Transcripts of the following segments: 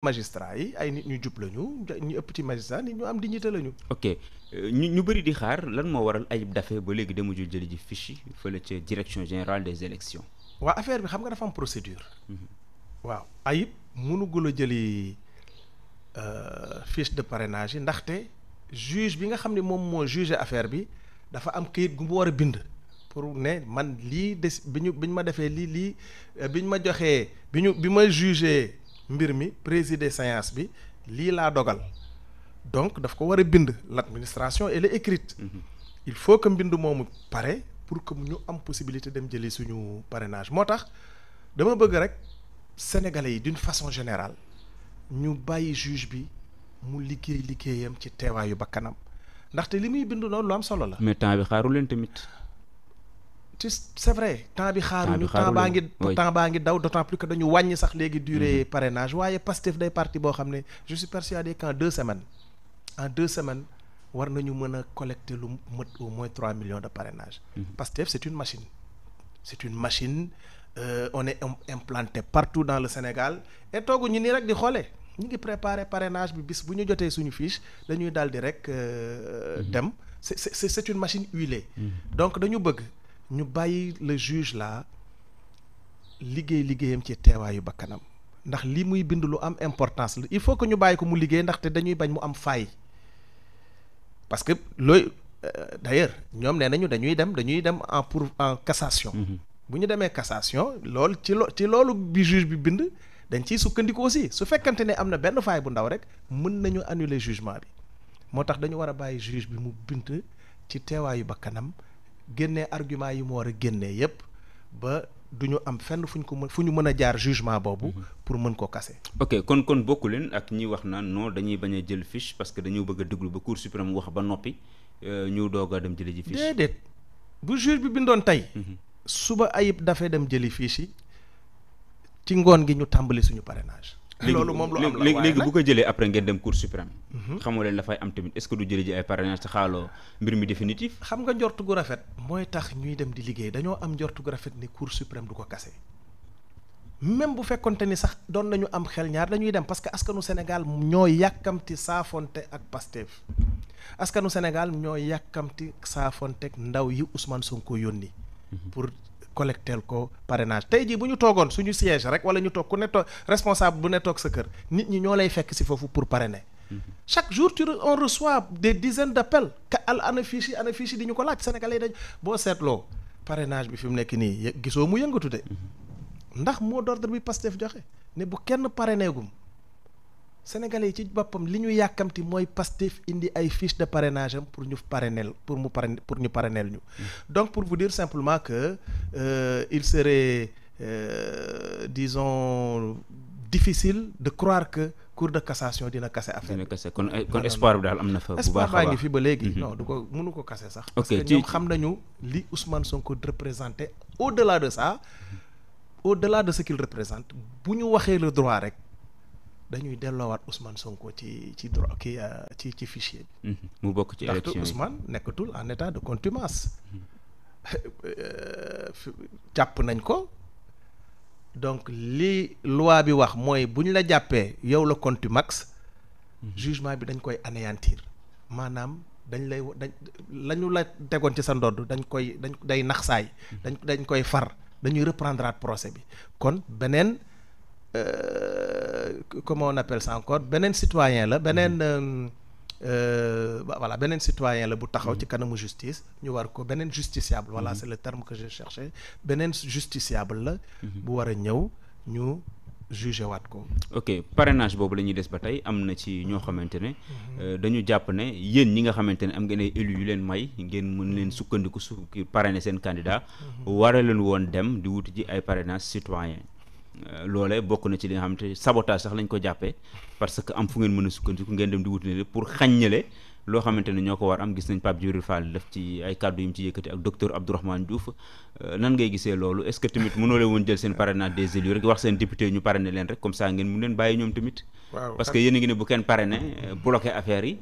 magistrat yi ay nit ñu jub lañu ñu ëpp ci magistrat nit ñu am di dignité lañu. ok ñu ñu bëri di xaar lan moo waral Ayib Daffé ba léegi demujul jëli ji fiche fële ca direction générale des élections. waa affaire bi xam nga dafa am procédure. Mhm. waaw Ayib mënugul a jëli euh, fiche de parrainage yi ndaxte juge bi nga xam ne moom moo jugé affaire bi dafa am kayit gu mu war a bind. pour ne man lii des bi ñu ma defee lii lii euh, bi ma joxee biñu bi ma jugé. mbir mi présider séance bi lii laa dogal donc daf ko war a bind l'administration elle est écrite mhm. il faut que mbind moomu pare pour comme ñu am possibilité dem jëli suñu parrainage moo tax dama bëgg rek sénégalais yi d'une façon générale ñu bàyyi juge bi mu liggéey liggéeyam ci teewaayu bakkanam ndaxte li muy bind noonu lu am solo la mais bi xaaru leen tamit c'est vrai temps bi xaaruñu temps baa ngi temps baa ngi daw d'autant plus que dañu wàññi sax léegi durée mhm. parrainage waaye Pastef day parti boo xam ne je suis persuadé qu'en deux semaines en deux semaines war nañu mën a collecter lu mët au moins trois millions de parrainage mhm. Pastef c'est une machine c'est une machine euh, on est implanté partout dans le Sénégal et toogu ñu nii rek di xoolee ñu ngi préparer parrainage bi bis bu ñu jotee suñu fiche dañuy daal di rek euh, mhm. dem c'est c'est une machine huilée donc dañu bëgg ñu bàyyi le juge là liggéey liggéeyam ci teewaayu bakkanam ndax li muy bind lu am importance la il faut que ñu bàyyi ko mu liggéey ndaxte dañuy bañ mu am faay parce que looy euh, d'ailleurs ñoom nee nañu dañuy dem dañuy dem en pour en cassation. Mm-hmm. bu ñu demee cassation lool ci lo ci loolu bi juge bi bind dañ ciy sukkandiku aussi su fekkante ne am na benn faay bu ndaw rek mën nañu annuler jugement bi moo tax dañu war a bàyyi juge bi mu bind ci teewaayu bakkanam génnee argument yi mu war a génnee yépp ba du ñu am fenn fu ñu ko mën fu ñu mën a jaar jugement boobu mhm. pour mën ko kase ok kon kon bokku leen ak ñi wax naan non dañuy bañ a jël fiche parce que dañoo bëgg a déglu ba cour suprême wax ba noppi euh, ñu doog a dem jëli ji fiche déedéet bu juge bi bindoon tey mhm. suba ayib dafay dem jëli fiche yi ci ngoon gi ñu tàmbali suñu parrainage loolu moom la léegi léegi bu ko jëlee après ngeen dem cour suprême mhm. xamoo leen dafay am tamit est-ce que du jëlee ji ay parrainage te xaaloo mbir mi définitif xam nga njort gu rafet mooy tax ñuy dem di liggéey dañoo am njort gu rafet ni cour suprême du ko kase même bu fekkonte ni sax doon nañu am xel ñaar dañuy dem parce que askanu Sénégal ñoo yàkkamti saafonte ak Pastef askanu Sénégal ñoo yàkkamti saafonte ak ndaw yi Ousmane Sonko yónni mhm. pour collecteel ko parrainage tey jii bu ñu toogoon suñu siège rek wala ñu toog ku ne toog responsable bu ne toog sa kër nit ñi ñoo lay fekk si foofu pour parrainer mm-hmm. chaque jour tu on reçoit des dizaines d'appels ka al ana fiche ana fiche di ñu ko laaj sénégalais yi boo seetloo parenage bi fi mu nekk nii gisoo mu yëngatu de mm-hmm. ndax mot d'ordre bi Pastef joxe ne bu kenn parrainé gum sénégalais yi ci boppam li ñu yàkkamti mooy Pastef indi ay fiche de parrainage am pour ñu parrainel pour mu parrain pour ñu parrainel ñu. Mm. donc pour vous dire simplement que euh, il serait euh, disons difficile de croire que cour de cassation dina kase affaire dina kase kon eh, kon espoir bi daal am na fa. bu baa ngi fi ba léegi. Mm-hmm. non du ko mënu ko kase sax. parce que ñoom xam nañu li Ousmane Sonko représenté au delà de ça au delà de ce qu'il représente bu ñu waxee le droit rek. dañuy delloowaat Ousmane Sonko ci ci droit ki euh, ci ci fichier mhm. mu bokk ci élection ndaxte nekkatul en état de contumace. Euh, jàpp nañ ko. donc li loi bi wax mooy bu ñu la jàppee yow la contumax. Mhm. jugement bi dañ koy anéantir maanaam dañ lay dañ la ñu la tegoon ci sa ndodd dañ koy dañ day naxsaay mhm. dañ dañ koy far dañuy reprendre at procès bi kon beneen. Euh, Euh, comment on appelle ça encore beneen citoyen la beneen mm-hmm. euh, euh, voilà beneen citoyen la bu taxaw ci mm-hmm. kanamu justice ñu war ko beneen justiciable voilà mm-hmm. c'est le terme que j'ai cherché beneen justiciable la bu war a ñëw ñu jugé wat ko. ok parrainage boobu la ñuy des ba tey am na ci ñoo xamante ne. dañu jàpp ne yéen ñi nga xamante ne am ngeen ay élus yu leen may ngeen mën leen sukkandiku su parrainer seen candidat. wara leen woon dem di wuti ji ay parrainage citoyen Euh, loolee bokk na ci li nga xam te sabotage sax lañ ko jàppee parce que am fu ngeen mën a sukkandiku ngeen dem di wutale pour xàññale loo xamante ne ñoo ko war am gis nañ Pape Djibril Fall def ci ay kàddu yu mu ci yëkkati ak docteur Abdourahmane Diouf euh, nan ngay gisee loolu est-ce leen woon jël seen parrainage des élus rek wax seen député ñu parrainé leen rek comme ça ngeen mun leen bàyyi ñoom tamit. parce que yéen ngi ne bu kenn parrainé euh, bloqué affaire yi.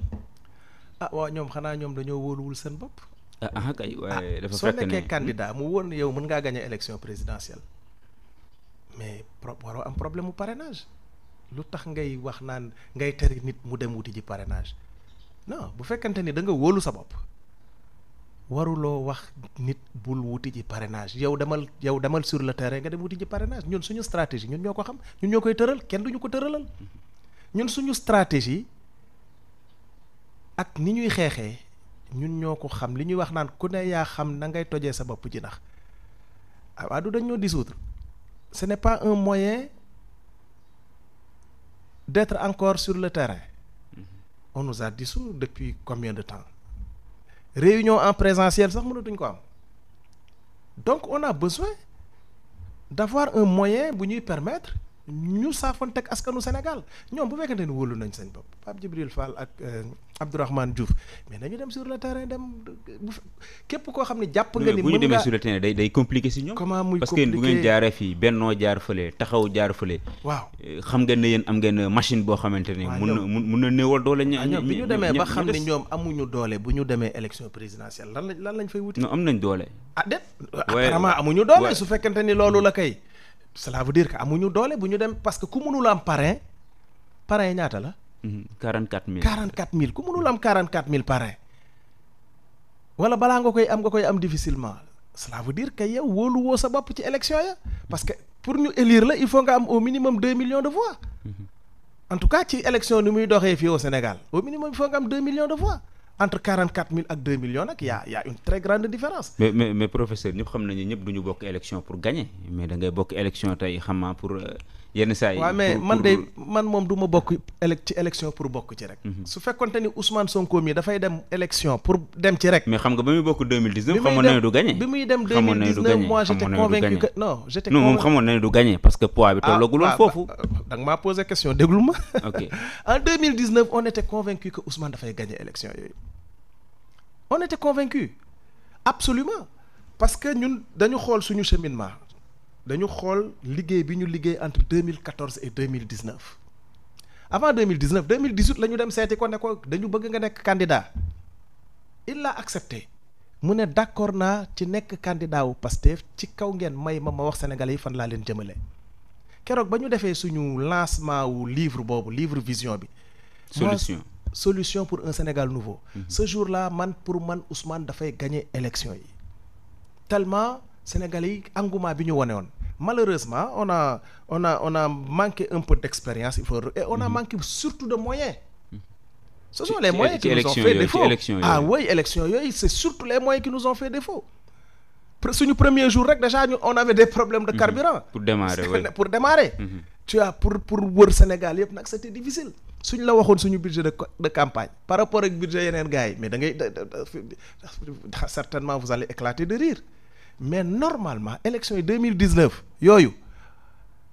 ah waaw ñoom xanaa ñoom dañoo wóoluwul seen bopp. ah, ah kay waaye ah, dafa fekk ne soo nekkee candidat mu wóor ne yow mën ngaa gagné élection présidentielle mais pro waroo am problème mu parrainage lu tax ngay wax naan ngay teri nit mu dem wuti ji parrainage non bu fekkante ni da nga wóolu sa bopp waruloo wax nit bul wuti ji parrainage yow demal yow demal sur le terrain nga dem wuti ji parrainage ñun suñu stratégie ñun ñoo ko xam ñun ñoo koy tëral kenn duñu ko tëralal ñun suñu stratégie ak ni ñuy xeexee ñun ñoo ko xam li ñuy wax naan ku ne yaa xam na ngay tojee sa bopp jinax nax ah, dañ ñoo dissoudre ce n'est pas un moyen d'être encore sur le terrain mm-hmm. on nous a dissous depuis combien de temps réunion en présentiel sax mënatuñ ko am donc on a besoin d'avoir un moyen bu ñuy permettre ñu saafoonte teg askanu Sénégal ñoom bu fekkente ni wóolu nañ seen bopp Pape Djibril Fall ak euh, Abdourahmane Diouf mais nañu dem sur le terrain dem bu képp koo xam ne jàpp nga ni. mën nga bu ñu day day compliqué si ñoom. comment muy compliqué parce que bu ngeen jaaree jaar fële taxaw jaar fële. waaw xam ngeen ne yéen am ngeen machine boo xamante ne. waaw mun na mun na néewal doole. ña ah, ña bi ñu demee ba xam ne ñoom amuñu doole bu ñu demee élection présidentielle lan lañ lan lañ fay wuti. non am nañ doole. ah déet. waaye apparemment amuñu doole su fekkente ni loolu la kay cela veut dire que amuñu doole bu ñu dem parce que ku mënul am parrain parrain ñaata la. 44000 mm-hmm. 44000 ku mënul am 44000 parrain. wala balaa nga koy am nga koy am difficilement cela veut dire que yow wóolu woo sa bopp ci élection ya parce que pour ñu élire la il faut nga am au minimum 2 millions de voix. Mm-hmm. en tout cas ci élection ni muy doxee fii au Sénégal au minimum il faut nga am 2 millions de voix. entre quarante quatre mille ak deux millions nag y' ñëpp xam nañu ñëpp du ñu bokk élection pour gagner euh, moom du ma bokk élec ci élection pour bokk ci rek. Mhm. su fekkonte ni Ousmane Sonko mii dafay dem élection pour dem ci rek. mais xam nga ba muy bokk deux mille dix neuf. xamoon nañu du gagner bi muy dem deux mille moom xamoon nañu du gagner parce que poids bi ah, tollagul woon foofu. da maa posé question déglu ma. en deux mille que Ousmane dafay gagner élection yooyu on était convaincus absolument parce que ñun dañu xool suñu cheminement dañu xool liggéey bi ñu liggéey entre 2014 et 2019 avant 2019 2018 la ñu dem seeti ko ne ko dañu bëgg nga nekk candidat il l'a accepté mu ne d'accord naa ci nekk candidat wu Pastef ci kaw ngeen may ma ma wax sénégalais yi fan laa leen jëmale keroog ba ñu defee suñu lancement wu livre boobu livre vision bi solution solution pour un Sénégal nouveau mhm. ce jour la man pour man Ousmane dafay gagner élection yi tellement Sénégalais yi engouement bi ñu wone woon malheureusement on a on on a manqué un peu d'expérience il faut et on a mhm. manqué surtout de moyen mhm. ce sont les moyens qui nous ont fait défaut ah oui élection yooyu c'est surtout les moyens qui nous ont fait défaut suñu premier jour rek déjà on avait des problèmes de carburant pour démarrer pour démarrer pour pour wër Sénégal yëpp nag c'était difficile suñ la waxoon suñu budget de de campagne par rapport ak budget yeneen gars yi mais da ngay certainement vous allez éclater de rire mais normalement élection yi deux mille dix neuf yooyu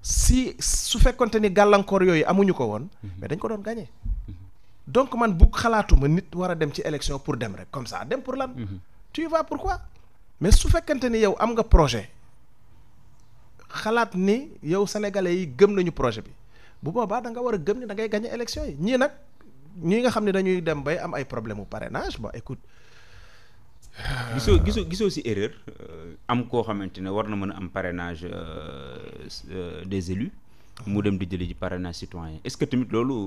si su fekkante ni gàllankoor yooyu amuñu ko woon. Mhm. mais dañ ko doon gagné. donc man bu xalaatuma nit war a dem ci élection pour dem rek comme ça dem pour lan. Mhm. tu vas pourquoi. mais su fekkente ni yow am nga projet xalaat ni yow sénégalais yi gëm nañu projet bi. bu boobaa da nga war a gëm ni da ngay gagné élection yi ñii nag ñii nga xam ne dañuy dem bay am ay problème mu parrainage bon écoute. gisoo gisoo gisoo si erreur euh, am koo xamante ne war na mën a am parrainage euh, euh, des élus mu ah. dem di jëli ji parrainage citoyen est-ce que tamit loolu.